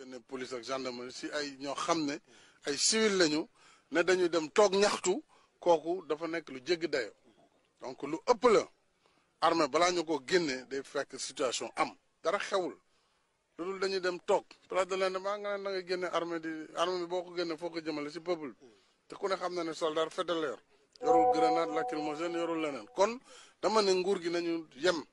génne police ak gendarmerie si ay ñoo xam ne ay civil lañu ne dañuy dem toog ñaxtu kooku dafa nekk lu jéggi dayo donc lu ëpp la armée balaa ñu ko génne day fekk situation am dara xewul loolu dañu dem toog place de l'Indépendance nga ne na nga génne armée di armée bi boo ko génne foo ko jëmale si peuple bi te ku ne xam na ne soldat fetaleer yorul grenade lacrymogène yorul leneen kon dama ne nguur gi nañu yem